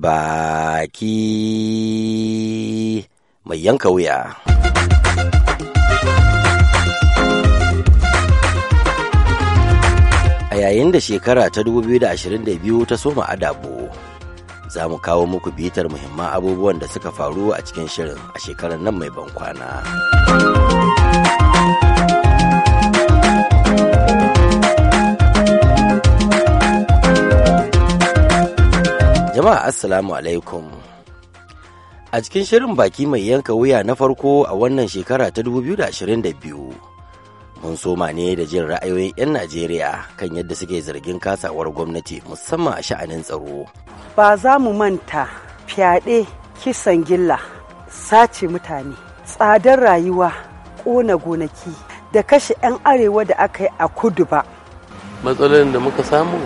baki mai yanka wuya. A yayin da shekara ta 2022 ta soma adabu, za mu kawo muku bitar muhimman abubuwan da suka faru a cikin shirin a shekarar nan mai bankwana. Jama'a Assalamu alaikum. A cikin shirin baki mai yanka wuya na farko a wannan shekara ta 2022, mun soma ne da jin ra'ayoyin 'yan Najeriya kan yadda suke zargin kasawar gwamnati musamman a sha'anin tsaro. Ba za mu manta fyaɗe, kisan gilla, sace mutane, tsadar rayuwa, ƙona gonaki da kashe 'yan arewa da aka yi a kudu ba. Matsalolin da muka samu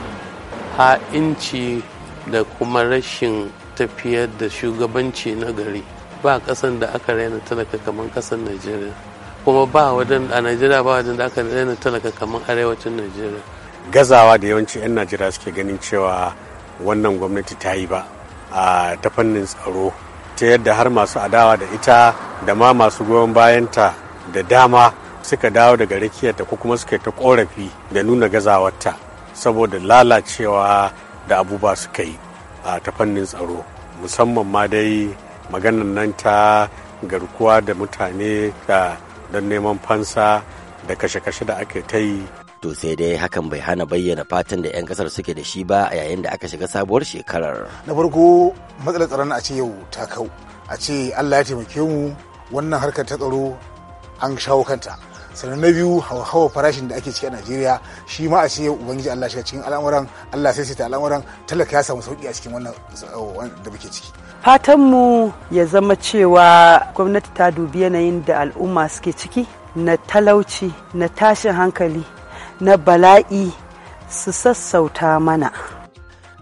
ha'inci da kuma rashin tafiyar da shugabanci na gari ba kasan da aka raina talaka kamar kasan najeriya kuma ba wajen a najeriya ba wajen da aka raina talaka kamar arewacin najeriya gazawa da yawanci 'yan najeriya suke ganin cewa wannan gwamnati ta yi ba a ta fannin tsaro ta yadda har masu adawa da ita da ma masu goyon bayanta da dama suka dawo daga rikiyarta ko kuma suka ta korafi da nuna gazawarta saboda lalacewa da abubuwa suka yi a ta fannin tsaro musamman ma dai maganan nan ta garkuwa da mutane da don neman fansa da kashe-kashe da aka ta yi to sai dai hakan bai hana bayyana fatan da 'yan kasar suke da shi ba a yayin da aka shiga sabuwar shekarar na farko matsalar tsaron a ce yau ta kau a ce allah ya taimake mu wannan harkar ta tsaro an shawo kanta sannan na biyu hawa farashin da ake ciki a najeriya shi ma a ce ubangiji allah shiga cikin al'amuran allah sai sai ta al'amuran talaka ya samu sauki a cikin wannan eh, da muke ciki fatanmu ya zama cewa gwamnati ta dubi yanayin da al'umma suke ciki na talauci na tashin hankali na bala'i su sassauta mana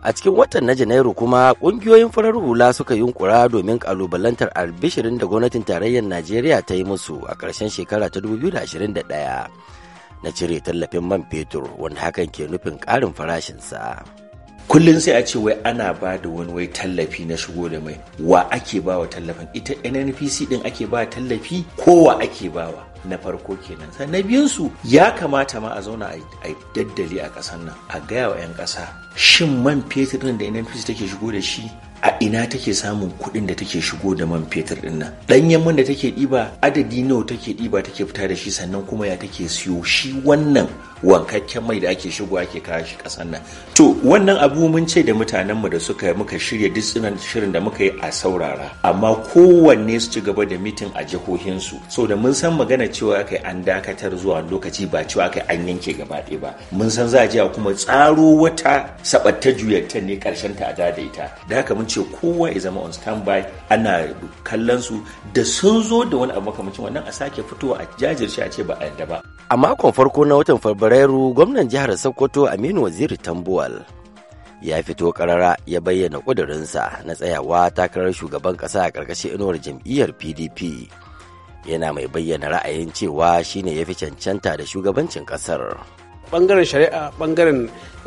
a cikin watan na janairu kuma kungiyoyin farar hula suka yunkura domin kalubalantar albishirin da gwamnatin tarayyar najeriya ta yi musu a ƙarshen shekara ta 2021 na cire tallafin man fetur wanda hakan ke nufin ƙarin farashinsa kullum sai a ce wai ana ba da wani wai tallafi na shigo da mai wa ake ba wa tallafin ita nnpc din ake ba tallafi ko wa ake bawa na farko kenan sannan biyunsu ya kamata ma a zauna a daddali a ƙasar nan a gaya wa 'yan ƙasa shin man fetur da nnpc take shigo da shi a ina take samun kuɗin da take shigo da man fetur ɗin nan ɗanyen man da take ɗiba adadi nawa take ɗiba take fita da shi sannan kuma ya take siyo shi wannan wankakken mai da ake shigo ake kawo shi ƙasar nan to wannan abu mun ce da mutanen mu da suka muka shirya duk shirin da muka yi a saurara amma kowanne su ci gaba da mitin a jihohinsu so da mun san magana cewa aka an dakatar zuwa lokaci ba cewa aka an yanke gaba ɗaya ba mun san za a kuma tsaro wata saɓatta juyarta ne ƙarshen ta a daidaita da haka mun ce kowa ya zama on standby ana kallon su da sun zo da wani abu makamacin wannan a sake fitowa a jajirce a ce ba a yadda ba. A makon farko na watan Fabrairu gwamnan jihar Sokoto Aminu Waziri Tambuwal ya fito karara ya bayyana ƙudurinsa na tsayawa takarar shugaban ƙasa a ƙarƙashin inuwar jam'iyyar PDP. Yana mai bayyana ra'ayin cewa shine ya fi cancanta da shugabancin ƙasar. bangaren shari'a bangaren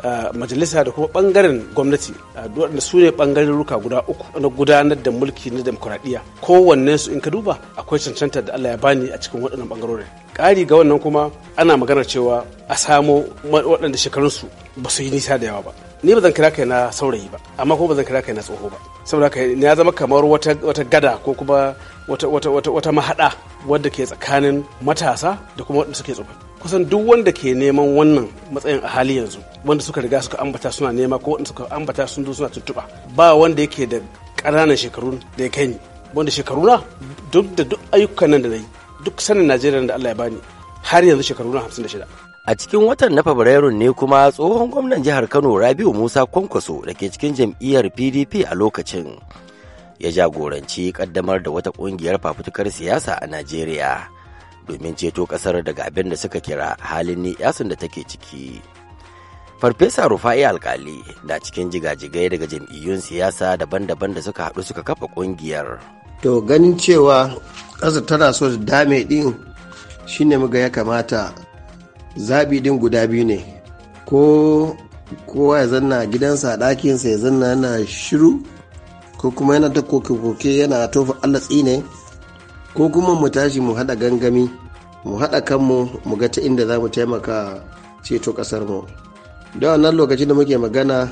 ah, majalisa da kuma bangaren gwamnati ah, waɗanda su ne bangaren ruka guda uku na gudanar da mulki na demokuraɗiyya kowanne su in ka duba akwai cancantar da Allah ya bani a cikin waɗannan bangarorin ƙari ga wannan kuma ana maganar cewa a samo waɗanda shekarunsu ba su yi nisa da yawa ba ni ba zan kira kai na saurayi ba amma ko ba zan kira kai na tsoho ba saboda kai ya zama kamar wata wata gada ko kuma wata wata wata wata mahada wadda ke tsakanin matasa da kuma wadanda suke tsofaffi kusan duk wanda ke neman wannan matsayin a hali yanzu wanda suka riga suka ambata suna nema ko wanda suka ambata sun zo suna tuntuɓa ba wanda yake da ƙananan shekaru da ya kai ni wanda shekaruna duk da duk ayyukan nan da na yi duk sanin najeriya da allah ya bani har yanzu shekaruna hamsin da shida a cikin watan na fabrairu ne kuma tsohon gwamnan jihar kano rabiu musa kwankwaso da ke cikin jam'iyyar pdp a lokacin ya jagoranci kaddamar da wata kungiyar fafutukar siyasa a najeriya domin ceto kasar daga abin da suka kira halin ni yasin da take ciki farfesa rufa'i alkali na cikin jigajigai daga jam'iyyun siyasa daban-daban da suka haɗu suka kafa ƙungiyar to ganin cewa ƙasar tana so da dame ɗin shine muga ya kamata zabi ɗin guda biyu ne ko kowa ya zanna gidansa a ɗakinsa ya zanna yana shiru ko kuma yana ta koke-koke yana tofa allah tsine ko kuma mu tashi mu haɗa gangami mu haɗa kanmu mu ga ta inda za mu taimaka ceto ƙasarmu da wannan lokacin da muke magana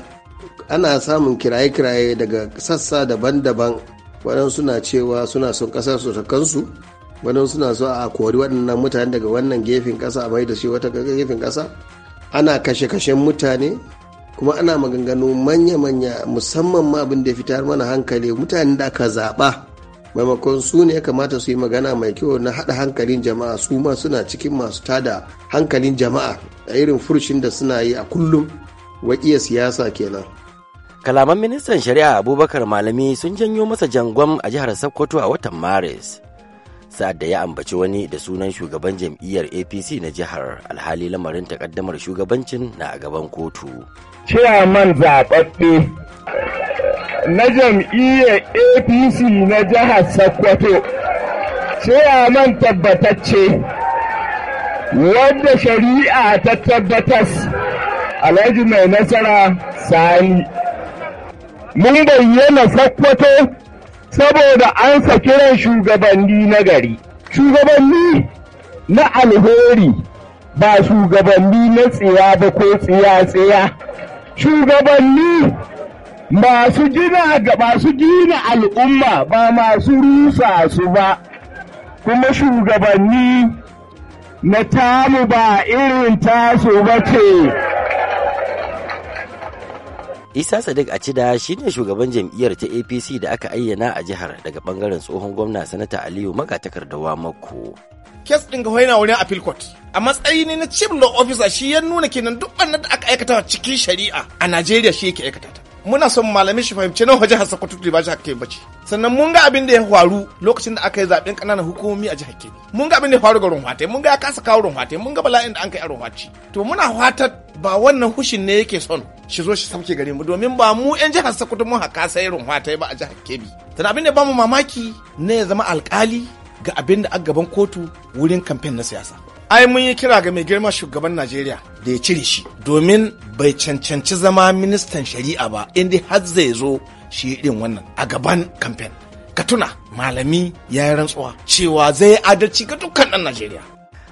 ana samun kiraye-kiraye daga sassa daban-daban waɗansu suna cewa suna son ƙasar su ta kansu waɗansu suna so a kori waɗannan mutane daga wannan gefen ƙasa a maida da shi wata gefen ƙasa ana kashe kashe mutane kuma ana maganganu manya-manya musamman ma abin da fitar mana hankali mutane da aka zaɓa maimakon su ne ya kamata su yi magana mai kyau na haɗa hankalin jama'a su ma suna cikin masu tada hankalin jama'a a irin furshin da suna yi a kullum waƙiya siyasa kenan kalaman ministan shari'a abubakar malami sun janyo masa jangon a jihar sokoto a watan maris sa'ad da ya ambaci wani da sunan shugaban jam'iyyar apc na jihar alhali lamarin takaddamar shugabancin na a gaban kotu man zaɓaɓɓe na jam'iyyar apc na jihar sokoto man tabbatacce wadda shari'a ta tabbatas alhaji mai nasara sani mun bayyana sokoto saboda an sa kiran shugabanni na gari shugabanni na alheri ba shugabanni na tsiya ba ko tsiya-tsiya shugabanni masu gina ga masu gina al'umma ba masu rusa su ba kuma shugabanni na tamu ba irin tasu ba ce isa sadiq a acida shine shugaban jam'iyyar ta apc da aka ayyana a jihar daga bangaren tsohon gwamna sanata aliyu Magatakarda mako kes ɗin ga yana wurin appeal court a matsayi ne na chief law officer shi ya nuna kenan duk wannan da aka aikata cikin shari'a a najeriya shi yake aikata ta muna son malamin shi fahimci nan waje hasa kwatutu ba jihar Kebbi bace sannan mun ga abin da ya faru lokacin da aka yi zaben kananan hukumomi a jihar Kebbi mun ga abin da ya faru ga Runhwate mun ga ya kasa kawo Runhwate mun ga bala'in da an kai a Runhwace to muna fatar ba wannan hushin ne yake son shi zo shi sauke gare mu domin ba mu yan jihar Sokoto mun haka sai Runhwate ba a jihar Kebbi sannan abin da ba mu mamaki ne ya zama alƙali ga abin da a gaban kotu wurin kamfen na siyasa ai mun yi kira ga mai girma shugaban najeriya da ya cire shi domin bai cancanci zama ministan shari'a ba inda har zai zo shi irin wannan a gaban kamfen ka tuna malami ya yi rantsuwa cewa zai yi adalci ga dukkan ɗan najeriya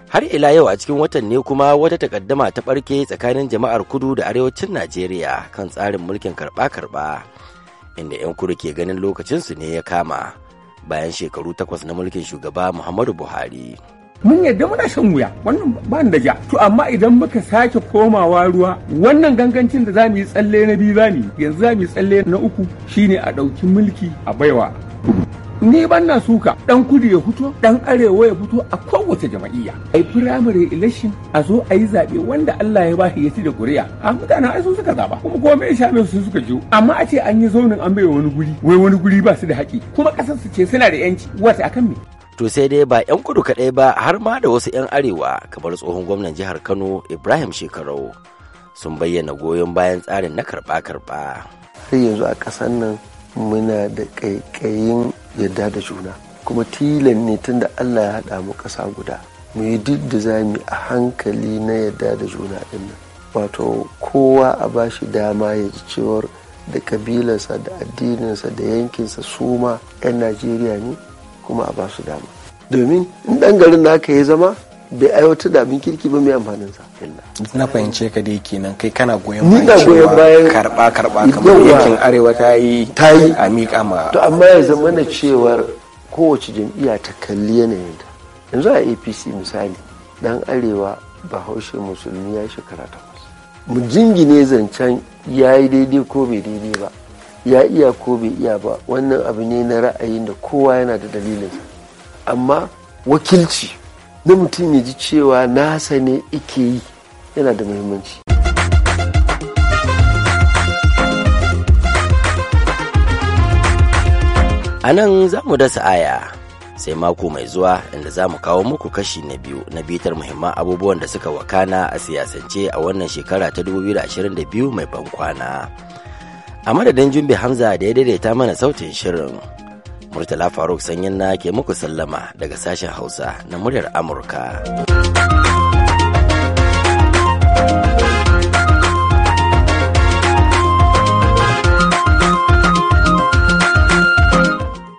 har ila yau a cikin watan ne kuma wata takaddama ta ɓarke tsakanin jama'ar kudu da arewacin najeriya kan tsarin mulkin karɓa-karɓa inda 'yan kudu ke ganin lokacinsu ne ya kama bayan shekaru takwas na mulkin shugaba muhammadu buhari mun yadda muna shan wuya wannan ba da ja to amma idan muka sake komawa ruwa wannan gangancin da za mu yi tsalle na biyu za mu yanzu za mu yi tsalle na uku shine a ɗauki mulki a baiwa ni ban na suka dan kudu ya fito dan arewa ya fito a kowace jama'iyya ai primary election a zo a yi zaɓe wanda Allah ya bashi ya ci da kuri'a a mutane, ai sun suka zaba kuma kuma mai shame su suka jiyo amma a ce an yi zaunin an bai wani guri wai wani guri ba su da haƙi kuma ƙasar su ce suna da yanci wata akan me to sai dai ba 'yan kudu kaɗai ba har ma da wasu 'yan arewa kamar tsohon gwamnan jihar kano ibrahim shekarau sun bayyana goyon bayan tsarin na karɓa-karɓa har yanzu a ƙasar nan muna da ƙaiƙayin yadda da juna kuma tilan ne tun da allah ya haɗa mu ƙasa guda mu yi duk da za mu a hankali na yadda da juna ɗin nan wato kowa a ba shi dama ya ji cewar da kabilarsa da addininsa da yankinsa su ma 'yan najeriya ne kuma a ba su dama domin in dan garin ka ya zama bai aiwatar da abin kirki ba mai amfanin sa na fahimce ka dai kenan kai kana goyon bayan cewa goyon bayan karba karba kamar yankin arewa ta yi ta yi a miƙa ma to amma ya zama na cewar kowace jam'iyya ta kalli yanayin ta yanzu a apc misali dan arewa bahaushe musulmi ya shekara takwas mu jingine zancen ya yi daidai ko bai daidai ba ya iya ko bai iya ba wannan abu ne na ra'ayin da kowa yana da dalilinsa amma wakilci na mutum ya ji cewa nasa ne ike yi yana da muhimmanci a nan za mu dasa aya sai mako mai zuwa inda za mu kawo muku kashi na biyu na bitar muhimman abubuwan da suka wakana a siyasance a wannan shekara ta 2022 mai ban kwana. a madadin jumbe hamza da ya daidaita mana sautin shirin murtala faruk sanyin na ke muku sallama daga sashen hausa na muryar amurka